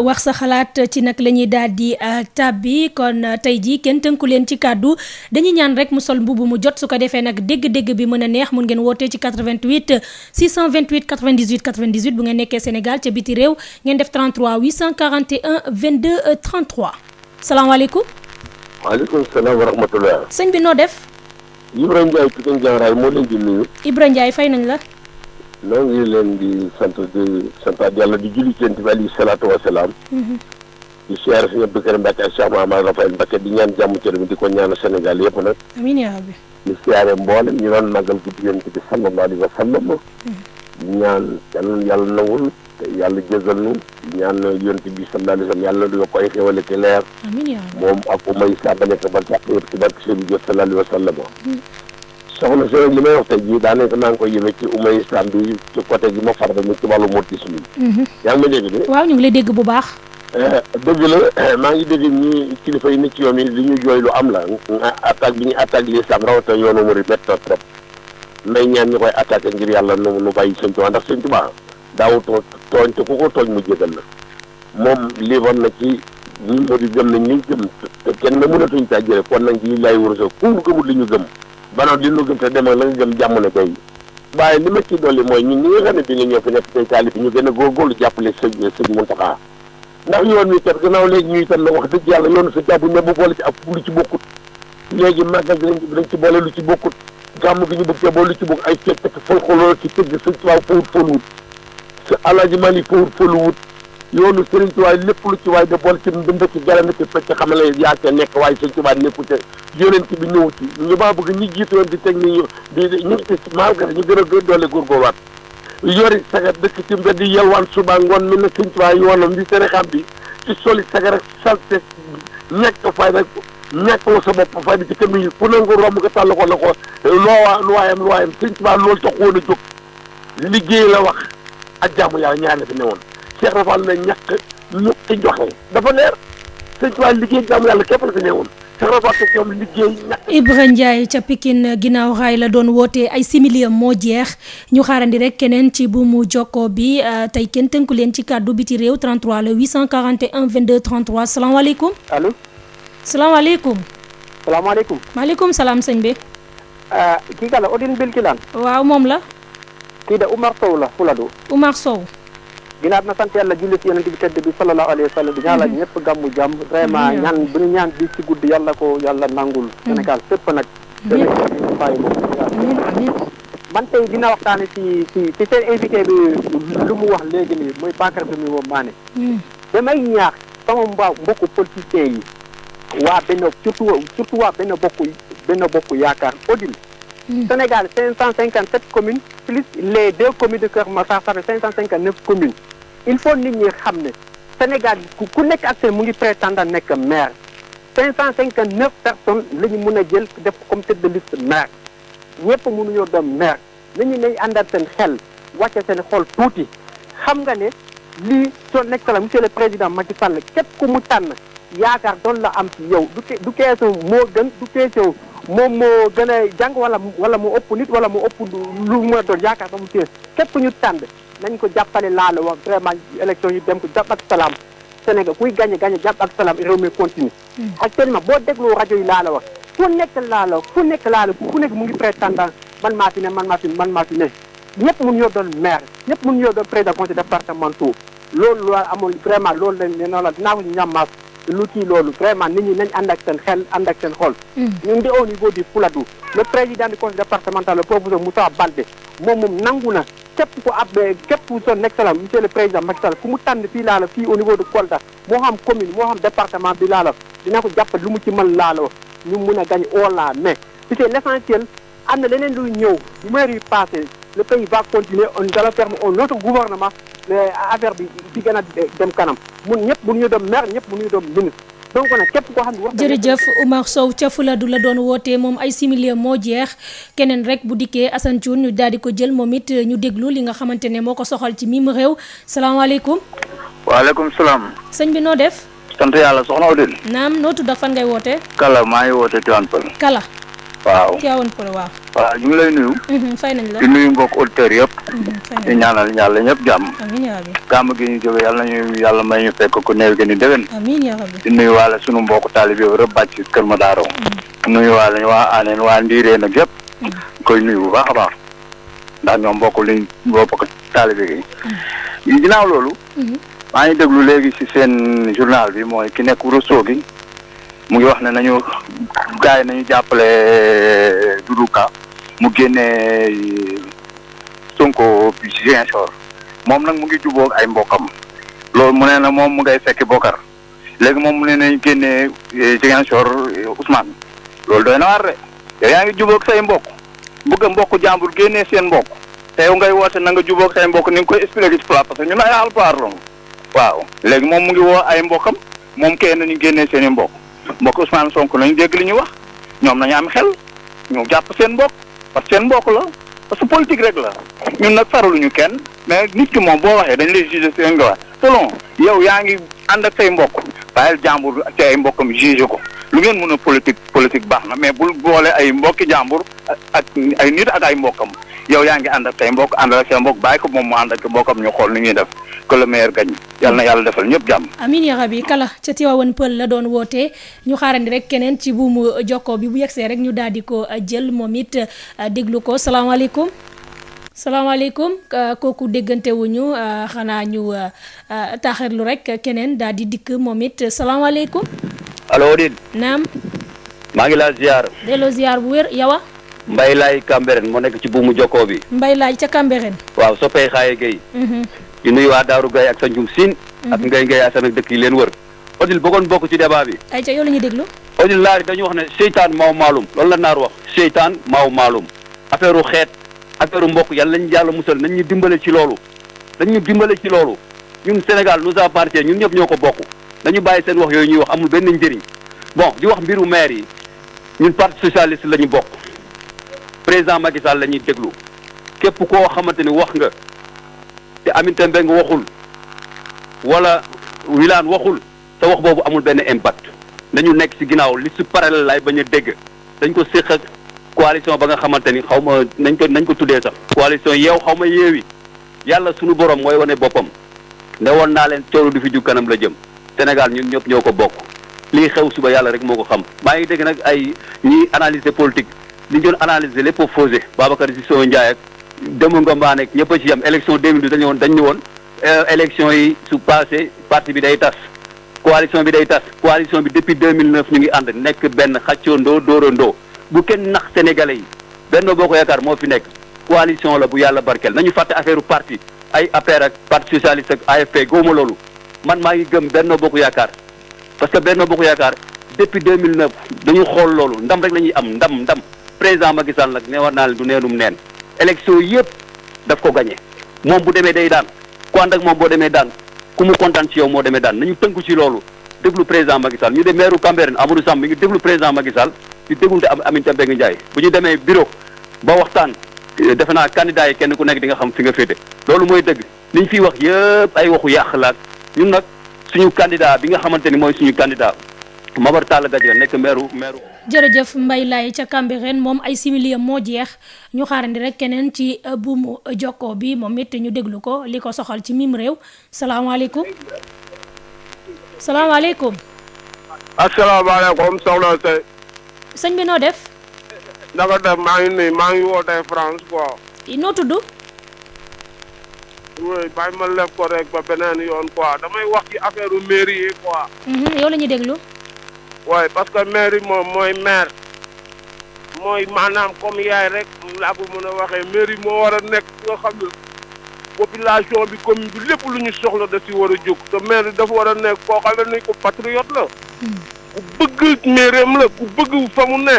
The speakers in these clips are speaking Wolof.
wax sa xalaat ci nag la ñuy daal di euh, tàbbi kon euh, tey jii kenn tënku leen ci kàddu dañuy ñaan rek mu sol mbubu mu jot su ko defee nag dégg-dégg bi mën a neex mun ngeen wootee ci 88 628 98 98 bu ngeen nekkee Sénégal ca biti réew ngeen def 33 841 22 33 salaamaaleykum. maaleykum salaam wa rahmatulah. sëñ bi noo def. Ibrahima Ndiaye Pikine Janraay moo leen di nuyu. Ibrahima fay nañ la. noo ngi leen di sant di santaat yàlla di julli ci yonent bi alayhi salaatu wa salaam. Mm-hmm. di siyaare Sëriñ Abdou Karim ak Cheikh Mahamad Rafael Mbacké di ñaan jàmm ci réew mi di ko ñaanal Sénégal yëpp nag. amiin yaa rabbi. di siyaare mboolem ñu doon màggal guddi yonent bi sallallahu alayhi wa sallam. Mm-hmm. ñaan yàlla yàlla yàlla jëgal nu ñaan yonent bi sallallahu alayhi yàlla du ko koy xéwale te leer. amiin yaa rabbi moom ak umay saa ba nekk ba jàpp yëpp ci barke Seydou Diop sallallahu soxna si rek li may wax tey jii daanaka maa ngi koy yëngu ci umay islam bi ci côté gi ma far demee ci wàllu moutisme bi. Mhm. yaa ngi ma dégg de. waaw ñu ngi lay dégg bu baax. Eh, dëgg la eh, maa ngi dégg ñi kilifa yi ne ci yoon yi li ñu jooy lu am la. attaque bi ñu attaque l'islam rawatina yoonu murid métti na trop. may ñaan ñu koy attaqué ngir yàlla nu nu bàyyi sëñ Tuubaa ndax sëñ Tuubaa daaw tooñ te ku ko tooñ mu jégal la moom lii woon na ci ñun murid gëm nañ li ñu gëm te kenn mënatuñ caa jëlee kon nag lii laay wërësoo ku li ñu gëm banoon li nu gëm te demal la nga gëm jàmm ne koy waaye li ma ci dolli mooy ñu ñi nga xam ne bi nga ñëw fi nekk tey taalif ñu gën a góorgóorlu jàppale sëñ sëñ Muntaxa ndax yoon wi kat gannaaw léegi ñuy tam na wax dëgg yàlla yoonu sa jàpp ne bu boole ci ab lu ci bokkut léegi màggal gi ci boole lu ci bokkut gàmm gi ñu bëgg te boole lu ci bokk ay fekk ak folklore ci tëgg sëñ Tuubaa fawut foluwut sa alaaji Mali fawut foluwut yoonu sëriñ Tuubaa lépp lu ci waay da boole ci ndënd ci garana ci fecc xamale nekk waaye sëñ Tuubaa nekku yonent bi ñëw ci ñu baa bëgg ñi jiitoon di teg ni ñu ñu gën a gën doole góorgóorluwaat yori sagar dëkk ci mbedd di yelwaan suba ngoon mi na sëñ Tuubaa yoonam bi seen xam bi ci soli sagar ak salte ñàkk fay nag ñàkk woo sa bopp fay bi ci kami ku nangu romb nga tàll ko la ko loowa luwaayam luwaayam sëñ Tuubaa a jóg liggéey la wax ak jaamu yàlla ñaar fi ne woon Cheikh Rafal na ñàkk ñëpp ci joxe dafa leer sëñ Tuubaa liggéey jaamu yàlla képp la fi ne woon reporté njaay ca Pikine ginnaaw raay la doon wootee ay similiam moo jeex ñu xaarandi rek keneen ci bu mu bi euh, tey kenn tënku leen ci kàddu bi biti réew 33 le 841 22 33 salaamaaleykum. allo. salaamaaleykum. salaamaaleykum. maaleykum salaam sëñ bi. Euh, kii ka la Odile Belkilaan. waaw moom la. kii da Umar Sow la Fuladu. Umar Sow. ginaar na sant yàlla julli ci yonent bi tedd bi sallallahu alayhi wa sallam di ñaanal ñëpp gàmmu jàmm vraiment ñaan bu ñu ñaan bi ci gudd yàlla ko yàlla nangul Sénégal fépp nag Sénégal bàyyi ko man dina waxtaane ci ci ci seen invité bi lu mu wax léegi nii muy Bakary bi muy moom maane hmm. damay ñaax sama mbaa mbokku politiciens yi waa benn surtout surtout waa benn bokk benn bokk yaakaar Odile hmm. Sénégal cinq cent cinquante sept communes plus les de communes de Keur Massar ça fait cinq cent cinquante neuf communes il faut nit ñi xam ne Sénégal ku nekk ak mu ngi prétendant nekk maire cinq cent cinquante neuf personnes la ñu mën a jël def comme tête de liste maire ñëpp mënuñoo doom maire nañu ne àndal seen xel wàcce seen xool tuuti xam nga ne lii son la monsieur le président Macky Sall képp ku mu tànn yaakaar doon la am ci yow du du keesu moo gën du keesu moom moo gën a jàng wala wala mu ëpp nit wala mu ëpp lu mu doon yaakaar ba mu kees képp ñu tànn nañ ko jàppale laa la wax vraiment élection yi dem ko jàpp ak salaam Sénégal kuy gagné gagné jàpp ak salaam réew mi continue mm. actuellement boo dégloo rajo yi laa la wax fu nekk laalo la fu nekk laa nekk mu ngi prétendant man maa fi man maa man maa fi ñëpp mun ñoo doon maire ñëpp mun ñoo doon président conseil départemental loolu loolu amul vraiment loolu lañ ne noonu la dinaa lu kii loolu vraiment ni ñi nañ ànd ak seen xel ànd ak seen xol. Mm. ñun de au niveau du Fouladou le président du moom moom nangu na képp ku ab eh, képp son excellence monsieur le président Macky Sall ku mu tànn fii laa la fii au niveau de Kolda moo xam commune moo xam département bi laalo la dina ko jàppale lu mu ci man laa la ñu mun a gañ oo la mais parce que l'essentiel am na leneen luy ñëw lu maire yu passé le pays va continuer on va faire un autre gouvernement affaire bi bi gën a eh, dem kanam mun ñëpp ñu doon maire ñëpp mënuñu doon ministre donc nag képp koo xam ne wax jërëjëf Oumar Sow ca Fuladu la doon wootee moom ay simili moo jeex keneen rek bu dikkee Assane Thioune ñu daal di ko jël moom it ñu déglu li nga xamante ne moo ko soxal ci mii mu réew salaamaaleykum. waaleykum salaam. sëñ bi noo def. sant yàlla soxna Odile. naam noo tudd fan ngay wootee. Kala maa ngi wootee Tivaouane Peulh. Kala. waaw Tivaouane Peulh waaw. waa ñu ngi lay nuyu. Mhm, fay la di nuyu mbokk auditeurs yëpp. Mhm, di ñaanal yàlla ñëpp jàmm. amiin yaa rabbi. gàmm gi ñu jógee yàlla nañu yàlla may ñu fekk ku néew gi ni déwén. amiin yaa di nuyu waale sunu mbokk taalib ba rek bàcc kër ma daaro mhm. nuyu waale waa Aneen waa Ndiiree nag yëpp. koy nuyu bu baax a baax. ndax ñoom mbokk liñ mbokk taalibe gi. ginnaaw loolu. maa ngi déglu léegi ci seen journal bi mooy ki nekk Rosso gi mu ngi wax na nañu gars yi nañu jàppale euh, Doudou Ka mu génnee Sonko bi Ziguinchor moom nag mu ngi jubóog ay mbokkam loolu mu ne na moom mu ngay fekki Bokar léegi moom mu ne nañ génnee eh, Ziguinchor eh, Ousmane loolu doy na waar de yaa ngi jubóog say mbok bëgg a mbokk jàmbur génnee seen mbokk te yow ngay woote na nga jubóog say mbokk ni nga koy expliqué ci plat parce que ñun ay alpaar loolu waaw léegi moom mu ngi woo ay mbokam moom kay nañu génnee seen i mbok mbokk Ousmane Sonko lañu dégg li ñuy wax ñoom nañu am xel ñu jàpp seen mbokk parce que seen mbokk la parce que politique rek la ñun nag faraluñu kenn mais nit ki moom boo waxee dañ lay jugé seen nga wax selon yow yaa ngi ànd ak say mbokk bàyyil jàmbur ci ay mbokkam jugé ko lu ngeen mën a politique politique baax na mais bul boole ay mbokki jàmbur ak ay nit ak ay mbokkam yow yaa ngi ànd ak say mbokk ànd ak say mbokk bàyyi ko moom mu ànd ak mbokkam ñu xool nu ñuy def que le meilleur gagne yàlla na yàlla defal ñëpp jàmm amiin yaa rabbi kala ca Tivaouane Pël la doon wootee ñu xaarandi rek keneen ci buumu jokkoo bi bu yegsee rek ñu daal di ko jël moom it euh, déglu ko salaamaaleykum salaamaaleykum kooku déggante wuñu euh, xanaa ñu euh, taaxirlu rek keneen daal di dikk moom it salaamaaleykum allo Odile naam maa ngi laa ziar delloo ziar bu wér yawa mbay laay Cambérène moo nekk ci buumu jokkoo bi mbay laay ca Cambérène waaw soppee xaaye Guèye mhm. di nuyu waa Daaru gay ak sa njum siin mhm. ak ngay ngay asan ak dëkk yi leen wër Odile bëggoon bokk ci débat bi ay ca yow la ñuy déglu Odile laari dañu wax ne seytaan maaw maalum loolu la naar wax seytaan maaw maalum affaire u xeet affaire mbokk yàlla nañu yàlla musal nañ ñu dimbale ci loolu dañ ñu dimbale ci loolu ñun Sénégal nous appartient ñun yëpp ñoo ko bokk dañu bàyyi seen wax yooyu ñuy wax amul benn njëriñ bon di wax mbiru maire yi ñun parti socialiste la ñu bokk président Macky Sall la ñuy déglu képp koo xamante ni wax nga te Aminata Mbengue waxul wala Wilane waxul te wax boobu amul benn impact nañu nekk ci ginnaaw li liste parallèle laay bañ a dégg dañ ko séq ak coalition ba nga xamante ni xaw ma nañ ko nañ ko tuddee sax coalition yeew xaw ma yeewi yàlla sunu borom mooy wane boppam ne woon naa leen coono du fi jug kanam la jëm Sénégal ñun ñëpp ñoo ko bokk lii xew suba yàlla rek moo ko xam maa ngi dégg nag ay ñiy analyser politique li ñu doon analyser lépp a fausé Babacar Cissé Demba Ngombaan ak ñëpp a ci yem élection 2012 dañu woon dañu ñu woon election euh, yi su passé parti bi day tas coalition bi day tas coalition bi depuis 2009 ñu ngi ànd nekk benn xàccoondoo dóorandoo bu kenn nax sénégalais yi Benno Bokk Yaakaar moo fi nekk coalition la bu yàlla barkeel nañu fàtte affaire parti ay affaire ak parti socialiste ak AFP góoma loolu man maa ngi gëm Benno bokku Yaakaar parce que Benno Bokk Yaakaar depuis 2009 dañu xool loolu ndam rek la ñuy am ndam ndam président Macky Sall nag ne war naa leen du neenum élection yëpp daf ko gagné moom bu demee day daan ku ànd moom boo demee daan ku mu kontaan ci yow moo demee daan nañu tënku ci loolu déglu président Macky Sall ñu dem maire Cambérène Amadou Samb mi ngi déglu président Macky Sall di am am Aminata Mbengue Ndiaye bu ñu demee bureau ba waxtaan eh, defe naa candidat yi kenn ku nekk di nga xam fi nga féete loolu mooy dëgg ñu fiy wax yëpp ay waxu yàq laak ñun nag suñu candidat bi nga xamante ni mooy suñu candidat Mabar Talla Gadio nekk maire maire jërëjëf Mbaye Laye ca Cambérène moom ay similiyam moo jeex ñu xaarandi rek keneen ci euh, buumu jokko bi moom it ñu déglu ko li ko soxal ci miim réew salaamaaleykum salaamaaleykum. asalaamaaleykum soxna Seye. bi noo def. naka def maa ngi nuyu maa ngi wootee France quoi. noo tudd. oui bàyyi ma lef ko rek ba beneen yoon quoi damay wax ci affaire mairie yi quoi. Mhm, yow la déglu. waaye parce que maire yi moom mooy maire mooy maanaam comme yaay rek laa ko mën a waxee maire yi moo war a nekk nga xam ne population bi commune bi lépp lu ñu soxla da si war a jóg te maire yi dafa war a nekk koo xam ko patriote la ku bëgg maireem la ku bëgg fa mu ne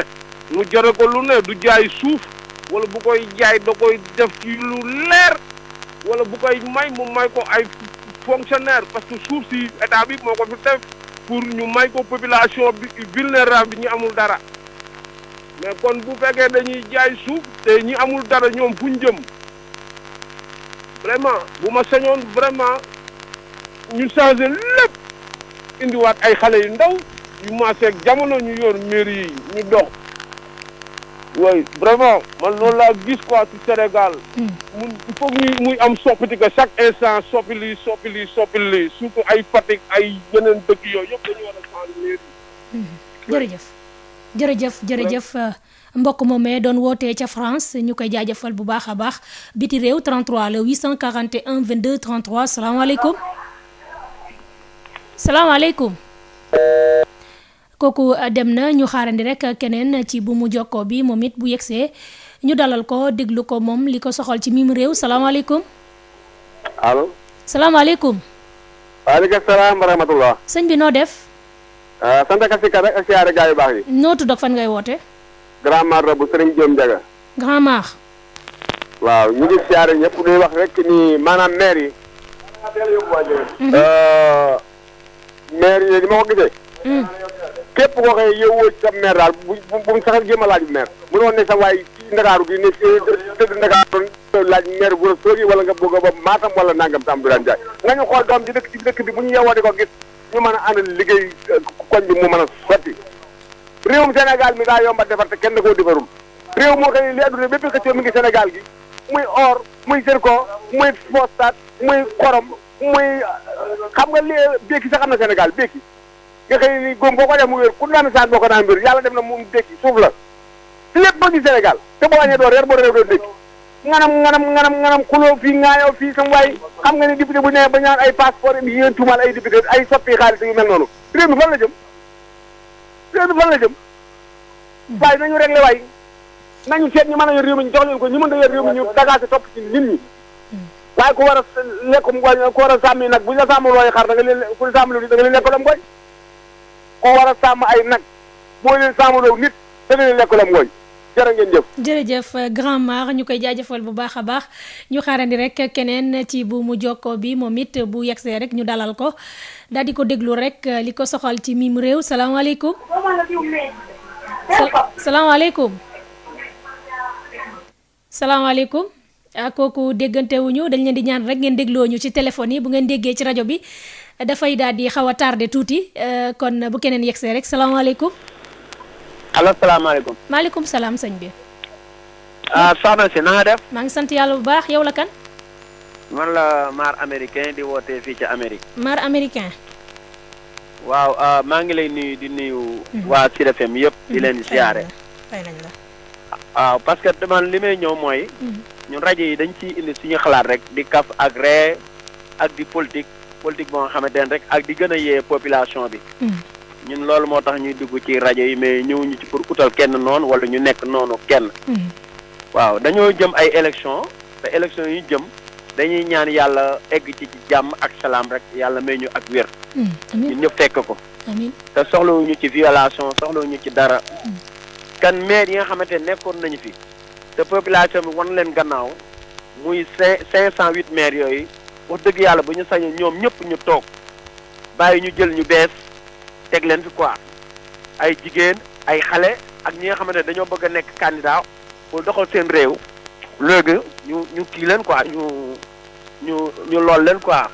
mu jare ko lu ne du jaay suuf wala bu koy jaay da koy def ci lu leer wala bu koy may mu may ko ay fonctionnaire parce que suuf si état bi moo ko fi def pour ñu may ko population bi vulnérable bi ñu amul dara mais kon bu fekkee dañuy jaay suuf te ñi amul dara ñoom fuñ jëm vraiment bu ma sañoon vraiment ñu changé lépp indiwaat ay xale yu ndaw yu maaseeg jamono ñu yoon mairie yi ñu dox oui vraiment man loolu laa gis quoi ci Sénégal. Hmm. mun il muy muy am soppite que chaque instant soppi lii soppi lii soppi lii surtout ay Fatick ay yeneen dëkk yooyu hmm. jërëjëf jërëjëf jërëjëf. Euh, mbokk moomee doon wootee ca France ñu koy jaajëfal bu baax a baax biti réew 33 le 841 22 33 salaamaaleykum salaamaaleykum. kooku uh, dem na ñu xaarandi rek keneen ci bu mu jokkoo bi moom it bu yegsee ñu dalal ko déglu ko moom li ko soxal ci mim réew salaamaaleykum. allo. salaamaaleykum. waaleykum salaam wa rahmatullah. bi noo def. Uh, sant ak askan ak siyaare gaa yu baax yi. noo tudd fan ngay woote. grand mare bu Serigne Diome Ndiaga. waaw ñu ngi siyaare ñëpp di wax rek ni maanaam maire yi. Mhm. Uh, maire yi ni ma ko gisee. Mm. képp koo xëy yow ci sa maire daal bu bu mu sax jéem a laaj maire mënoo ne sa waaye ci ndakaaru gi ne tëdd ndakaaru laaj maire bu Ourossogui wala nga bëgg ba Matam wala nangam sa am Birane Ndiaye nañu xool doom ji dëkk ci dëkk bi bu ñu yewoo di ko gis ñu mën a àndal liggéey euh, koñ bi mu mën a sotti réewum Sénégal mi daa yomba defar te kenn koo defarul réew moo xëy li adduna bépp xëccoo mi ngi Sénégal gi muy or muy zircon muy phosphate muy xorom muy euh, xam nga li euh, béeki sax am na Sénégal béeki nga xëy ni góom boo ko def mu wér ku naan saat boo ko naan wér dem na moom dékki suuf la lépp ba ci senegal te boo añee doo reer boo reer doo dékki nganam nganam nganam nganam xuloo fii ngaayoo fii sama waay xam nga ne député bu nee ba ñaan ay passeport yi yéen tuumaal ay député ay soppi xaalis yu mel noonu réew mi fan la jëm réew mi fan la jëm waaye nañu réglé waay nañu seet ñi mën a yor réew mi ñu jox leen ko ñu mën a yor réew mi ñu dagaase topp ci nit ñi waaye ku war a lekkum ko ku a da nga leen ku ku war a sàmm ay nag boo leen sàmmandoo nit dana leen lekk la mooy jërë ngeen jëf. jërëjëf euh, grand Mar ñu koy jaajëfal bu baax a baax ñu xaarandi rek keneen ci bu mu bi moom it bu yegsee rek ñu dalal ko daal di ko déglu rek euh, li ko soxal ci miim réew salaamaaleykum. salaamaaleykum. salaamaaleykum. Ah, kooku déggante dañ leen di ñaan rek ngeen déglooñu ci téléphone yi bu ngeen déggee ci rajo bi dafay daal di xaw a tardé tuuti eh, kon bu keneen yegsee rek salaamaaleykum. allo salaamaaleykum. maaleykum salaam sëñ bi. Ah, soxna si maa ngi sant yàlla bu baax yow la kan. man la Mar américain di wootee fii ci Amérique. Mar américain. waaw ah, maa ngi lay nuyu di nuyu. Mhm. waa Sud FM di mhm, leen ziare. waaw parce man li may ñëw mooy. Mhm. ñun rajo yi dañu ciy indi suñu xalaat rek di kaf ak ree ak di politique politique boo nga xamante ne rek ak di gën a yee population bi. Hmm. ñun loolu moo tax ñuy dugg ci rajo yi mais ñëwuñu ci pour utal kenn noonu wala ñu nekk noonu kenn. Hmm. waaw dañoo jëm ay élection te élection yu jëm dañuy ñaan yàlla egg ci jàmm ak salaam rek yàlla may ñu ak wér. Hmm. ñun ñëpp fekk ko. amiin te soxlawuñu ci violation ñu ci dara. kan mais yi nga xamante nekkoon nañu fi. te population bi wan leen gannaaw muy cinq cinq cent huit maires yooyu wax dëgg yàlla bu ñu sañoon ñoom ñëpp ñu toog bàyyi ñu jël ñu bees teg leen fi quoi ay jigéen ay xale ak ñi nga xamante ne dañoo bëgg a nekk candidat pour doxal seen réew. léegi ñu ñu kii leen quoi ñu ñu ñu lool leen quoi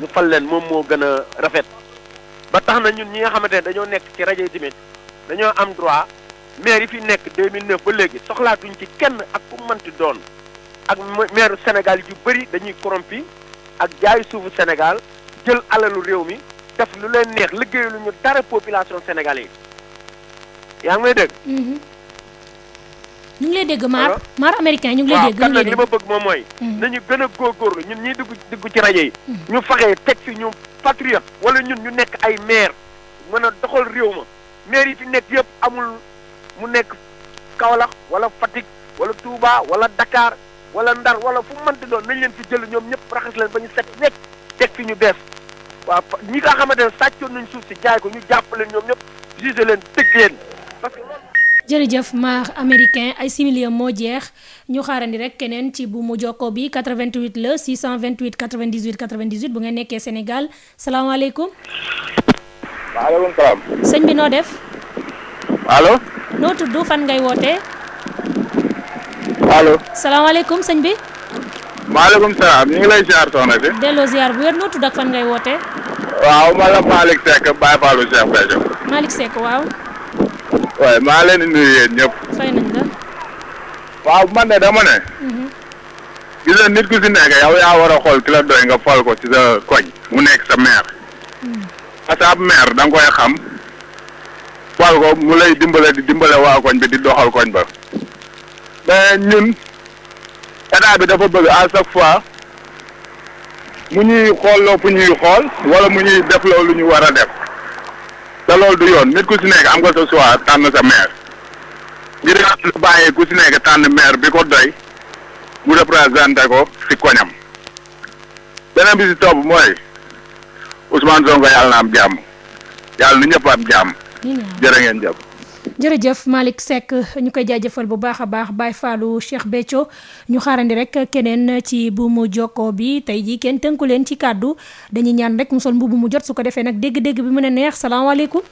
ñu fal leen moom moo gën a rafet ba tax na ñun ñi nga xamante ne dañoo nekk ci rajo yi dañoo am droit. maire yi fi nekk 2009 ba léegi soxlaatuñu ci kenn ak ku mënti doon ak maire Sénégal yu bari dañuy corrompi ak jaay suufu Sénégal jël alalu réew mi def lu leen neex liggéey lu ñu dara population sénégalaise yi yaa ngi may dégg. Mhm. ñu ngi lay dégg Mar Mar américain ñu ngi lay dégg. ñu ngi lay dégg li ma bëgg moom mooy. Mhm. nañu gën a góorgóorlu ñun ñuy dugg dugg ci rajo yi. Mhm. ñu faxe teg fi ñu patriote walla ñun ñu nekk ay mair mën a doxal réew ma mair yi fi nekk yëpp amul. mu nekk Kaolack wala Fatick wala Touba wala Dakar wala Ndar wala fu mu mënti doon nañ leen fi jël ñoom ñëpp raxas leen ba ñu set nekk teg fi ñu bees waaw ñi nga xamante ne sàccoon nañ suuf si jaay ko ñu jàpp leen ñoom ñëpp jugé leen tëgg leen parce que. jërëjëf maar américain ay similiam moo jeex ñu xaarandi rek keneen ci bu mu jokkoo bi 88 la 628 98 98 bu nga nekkee Sénégal salaamaaleykum. waaleykum salaam. sëñ bi noo def. allo. noo tudd fan ngay wootee. allo. salaamaaleykum sëñ bi. maaleykum salaam ñu ngi lay ziar soxna si. delloo ziar bu wér noo tudd ak fan ngay wootee. waaw man la Malick Seck Baye Fallou Cheikh Béthio. Malick Seck waaw. waaye maa leen di nuyu yéen waaw man de dama ne. Mhm. gis nit ku si nekk yow yaa war a xool ki la doy nga fal ko ci sa koñ. mu nekk sa maire. Mm. parce que ab maire da nga koy xam. wal ko mu lay dimbale di dimbale waa koñ bi di doxal koñ ba mais ñun état bi dafa bëgg à chaque fois mu ñuy xoolloo fu ñuy xool wala mu ñuy def lu ñu war a def te loolu du yoon nit ku si nekk am nga sa choix tànn sa maire ngir nga bàyyi ku si nekk tànn maire bi ko doy mu représenté ko si koñam beneen bi si topp mooy Ousmane Sonko yàlla na am jàmm yàlla na ñëpp am jàmm. jërë ngeen jàpp. jërëjëf malik sekk ñu koy jaajëfal bu baax a baax Baye Fallou Cheikh Béthio ñu xaarandi rek keneen ci bu mu jokkoo bi tey jii kenn tënku leen ci kàddu dañuy ñaan rek mu sol mbubb mu jot su ko defee nag dégg-dégg bi mën a neex salaamaaleykum.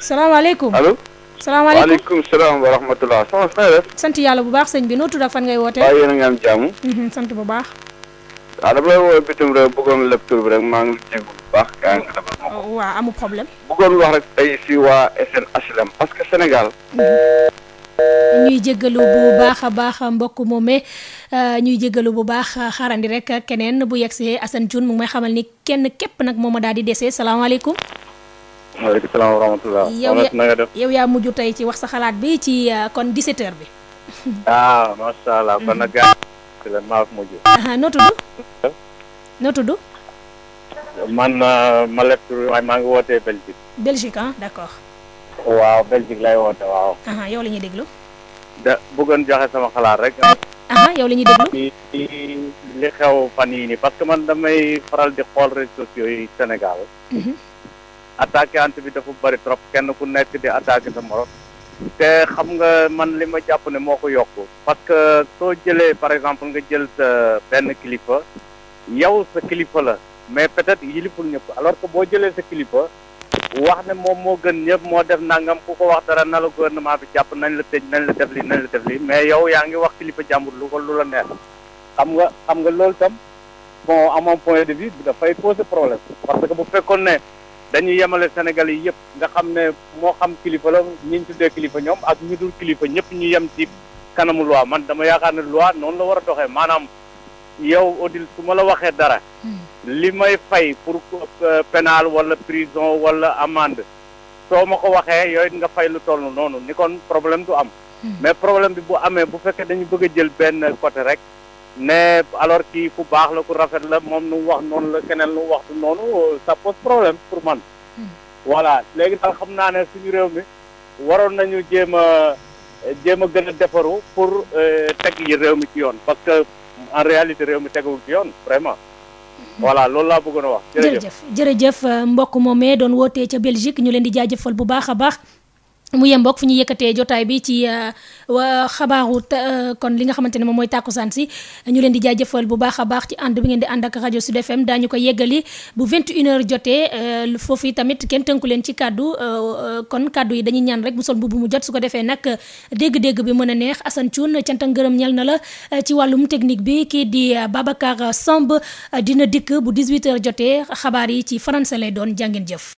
salaamaaleykum allo. salaamaaleykum waaleykum salaam wa sant yàlla bu baax sëñ bi noo tudd ak fan ngay wootee. waaw yéen a ngi am jàmm. Mhm, sant bu baax. waaw ah, dama lay woowee bitim réew bëggoon lépp tur bi rek maa ngi jéego bu baax gaa ngi lebal ma ko. waaw amul problème. bëggoon wax rek tey si waa SN parce que Sénégal. Mm-hmm. ñuy jégalu bu baax a baax mbokk moome euh, ñuy jégalu bu baax xaarandi rek keneen bu yegsee Assane Diouf mu may xamal ni kenn képp nag moom ma daal di dese salaamaaleykum. maaleykum salaam wa yaa yow yaa mujj tey ci wax sa xalaat bi ci euh, kon 17h bi. waaw ah, macha allah kon nag. mbokk la maaf ma jóg. noo tudd. noo tudd. man euh, Malek Touré waaye maa ngi wootee Belgique. Belgique ah d' waaw Belgique lay woote waaw. yow la ñuy déglu. da bëggoon joxe sama xalaat rek. yow la déglu. li xew fan yii nii parce que man damay faral di xool réseaux sociaux yi Sénégal. Mhm. attaquant bi dafa bari trop kenn ku nekk di attaqué sa morom. te xam nga man li ma jàpp ne moo ko yokk parce que soo jëlee par exemple nga jël sa benn kilifa yow sa kilifa la mais peut-être yiliful ñëpp alors que boo jëlee sa kilifa wax ne moom moo gën ñëpp moo def nangam ku ko wax dara na la gouvernement bi jàpp nañ la tëj nañ la def li nañ la def li mais yow yaa ngi wax kilifa jàmbur lu ko lu la neex xam nga xam nga loolu tam bon à mon point de vue dafay poser problème parce que bu fekkoon ne dañuy yemale Sénégal yi yëpp nga xam ne moo xam kilifa la ñi ñu tuddee kilifa ñoom ak ñu dul kilifa ñëpp ñu yem ci kanamu loi man dama yaakaar ne loi noonu la war a doxee maanaam yow Odile su ma la waxee dara. Hmm. li may fay pour euh, pénal wala prison wala amende soo ma ko waxee yooyu nga fay lu toll noonu ni kon problème du am. Hmm. mais problème bi bu amee bu fekkee dañu bëgg a jël benn côté rek. mais alors kii bu baax la ku rafet la moom nu wax noonu la keneen lu wax du noonu ça pose problème pour man. Hmm. voilà léegi daal xam naa ne suñu réew mi waroon nañu jéem a jéem a gën a defaru pour euh, teg yi réew mi ci yoon parce que en réalité réew mi tegul ci yoon vraiment. Hmm. voilà loolu laa bëggoon a wax. jërëjëf jërëjëf mbokk moomee doon wootee ca Belgique ñu leen di jaajëfal bu baax a baax. mu yem boog fu ñu yëkkatee jotaay bi ci euh, xabaaru euh, kon li nga xamante ne moom mooy tàkkusaan si ñu leen di jaajëfal bu baax a baax ci ànd bi ngeen di ànd ak rajo Sud FM daañu ko yeggali bu 21h jotee euh, foofu tamit kenn tënku leen ci kàddu kon kàddu yi dañuy ñaan rek bu sol mbubb mu jot su ko defee nag dégg-dégg bi mën a neex Assane Thioune cant ak ngërëm ñal na la ci wàllum technique bi kii di Babacar Samb dina dikk bu 18h jotee xabaar yi ci français doon jàngeen jëf.